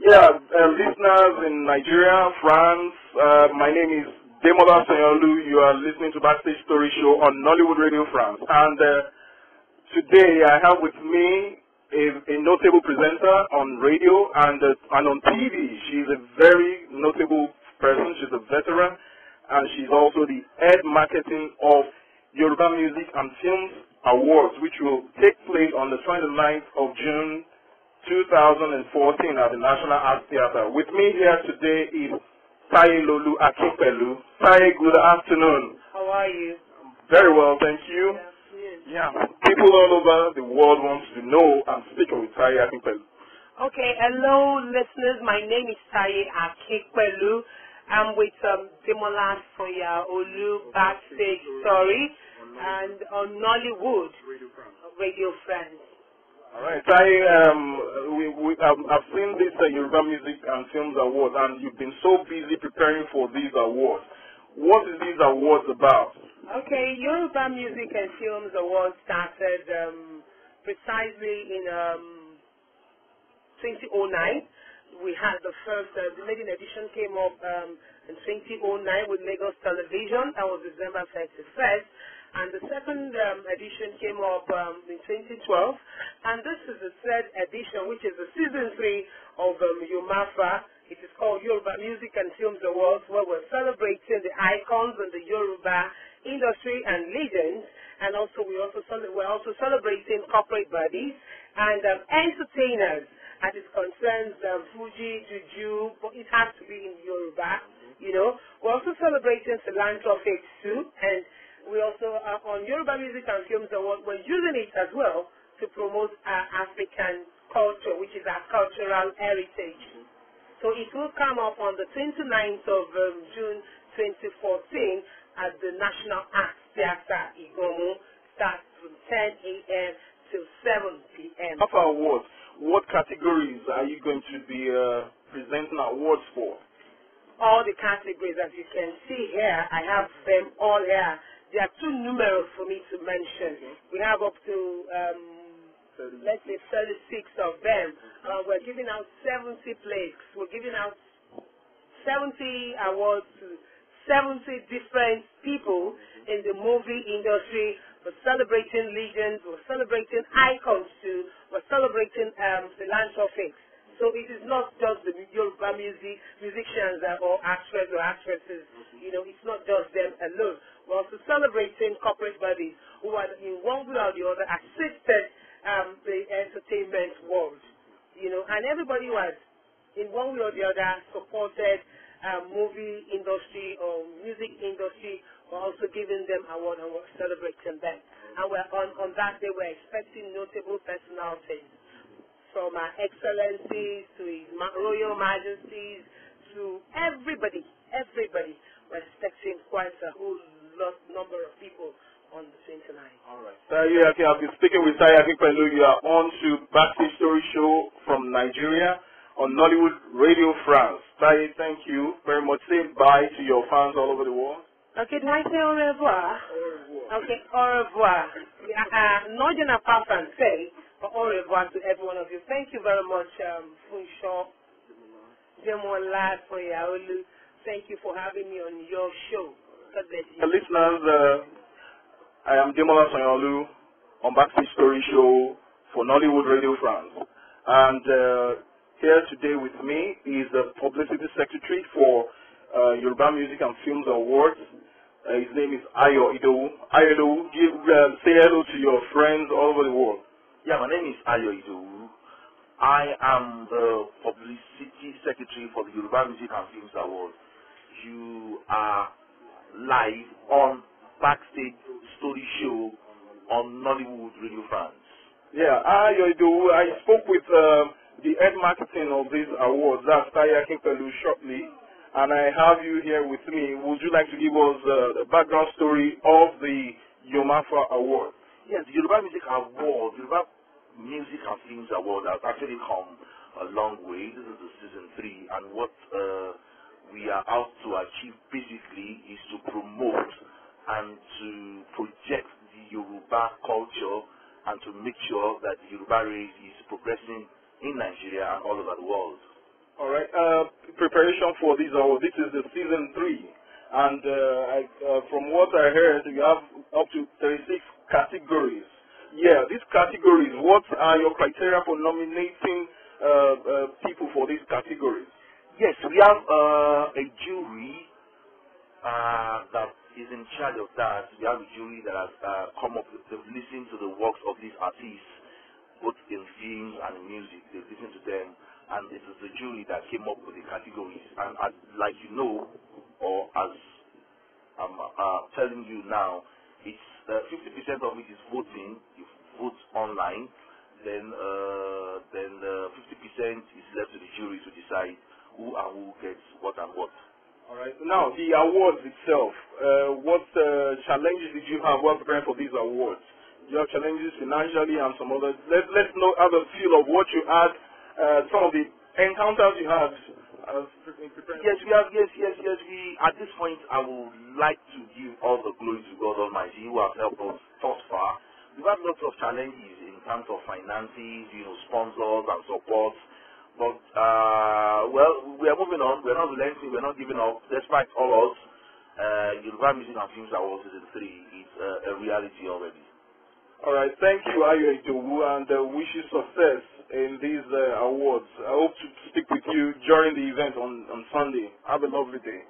Yeah, um, listeners in Nigeria, France, uh, my name is Demola Sayolu. You are listening to Backstage Story Show on Nollywood Radio France. And uh, today I have with me a, a notable presenter on radio and, uh, and on TV. She's a very notable person. She's a veteran. And she's also the head marketing of Yoruba Music and Films Awards, which will take place on the 29th of June 2014 at the National Arts Theater. With me here today is Tai Lolu Akipelu. Tai, good afternoon. How are you? Very well, thank you. Yeah, people all over the world want to know and speak with Tai Akipelu. Okay, hello listeners. My name is Tai Akipelu. I'm with um, Demola Soya Olu backstage, sorry, and on Nollywood Radio friends. All right. I um, we, we um, I've seen this uh, Yoruba Music and Films Award, and you've been so busy preparing for these awards. What is these awards about? Okay, Yoruba Music and Films Award started um, precisely in um, 2009 we had the first, uh, the maiden edition came up um, in 2009 with Lagos Television. That was December 31st. And the second um, edition came up um, in 2012. And this is the third edition, which is the season three of um, Yomafa. It is called Yoruba Music and Films Awards, where we're celebrating the icons and the Yoruba industry and legends. And also, we also we're also celebrating corporate bodies and um, entertainers as it concerns um, Fuji, Juju, but it has to be in Yoruba, mm-hmm. you know. We're also celebrating Cilantro Fate too, and we also, uh, on Yoruba Music and Films Award, we're using it as well to promote our African culture, which is our cultural heritage. Mm-hmm. So it will come up on the 29th of um, June 2014 at the National Arts Theatre Igomu, starts from 10 a.m. till 7 p.m. Of our awards. What categories are you going to be uh, presenting awards for? All the categories, as you can see here, I have them all here. They are too numerous for me to mention. We have up to um, let's say 36 of them. Uh, we're giving out 70 plaques. We're giving out 70 awards to 70 different people in the movie industry. We're celebrating legends. We're celebrating icons too celebrating um, the launch of it. So it is not just the Yoruba music, musicians uh, or actors or actresses. You know, it's not just them alone. We're also celebrating corporate bodies who are in one way or the other assisted um, the entertainment world. You know, and everybody was in one way or the other supported um, movie industry or music industry also giving them award and we're celebrating them. And we're on, on that day we're expecting notable personalities from our excellencies to his royal majesties to everybody, everybody. We're expecting quite a whole lot number of people on the 29th. All right. yeah, Yaki, I've been speaking with Tayo Yaki Pelu. You are on to Backstage Story Show from Nigeria on Nollywood Radio France. Tayo, thank you very much. Say bye to your fans all over the world. Okay, did I say au revoir? Okay, au revoir. Yeah, uh, not in a pas français, but au revoir to every one of you. Thank you very much, um, Funshaw for Soyaolu. Thank you for having me on your show. God bless you. Listeners, uh, I am Demola Soyaolu on Backstage Story Show for Nollywood Radio France. And uh, here today with me is the Publicity Secretary for uh, Yoruba Music and Films Awards. Uh, his name is Ayo Idowu. Ayo Idowu, give, uh, say hello to your friends all over the world. Yeah, my name is Ayo Idowu. I am the publicity secretary for the Yoruba Music and Films Awards. You are live on Backstage Story Show on Nollywood Radio France. Yeah, Ayo Idowu, I spoke with um, the head marketing of these awards, that's Tayakin Pelu, shortly and I have you here with me. Would you like to give us uh, the background story of the Yomafa Award? Yes, the Yoruba Music Award, Yoruba Music and Films Award has actually come a long way. This is the season three, and what uh, we are out to achieve basically is to promote and to project the Yoruba culture and to make sure that the Yoruba race is progressing in Nigeria and all over the world. All right. Uh, preparation for this, or uh, this is the season three, and uh, I, uh, from what I heard, you have up to 36 categories. Yeah, these categories. What are your criteria for nominating uh, uh, people for these categories? Yes, we have a jury that is in charge of that. We have a jury that has come up, they've listened to the works of these artists, both in films and in music. They've listened to them and it is the jury that came up with the categories. And as, like you know, or as I'm uh, telling you now, it's uh, fifty percent of it is voting. You vote online, then uh, then uh, fifty percent is left to the jury to decide who and who gets what and what. All right. Now the awards itself. Uh, what challenges did you have while preparing for these awards? Your challenges financially and some other. Let Let's know how the feel of what you had uh, some of the encounters you have. Uh, yes, we have. Yes, yes, yes. We at this point, I would like to give all the glory to God Almighty, who has helped us thus far. We've had lots of challenges in terms of finances, you know, sponsors and support. But uh, well, we are moving on. We're not relenting. We're not giving up, despite all odds. Uh, got Music and Films Awards Season Three is uh, a reality already. All right. Thank you, Ayo and uh, wish you success in these uh, awards. I hope to speak with you during the event on, on Sunday. Have a lovely day.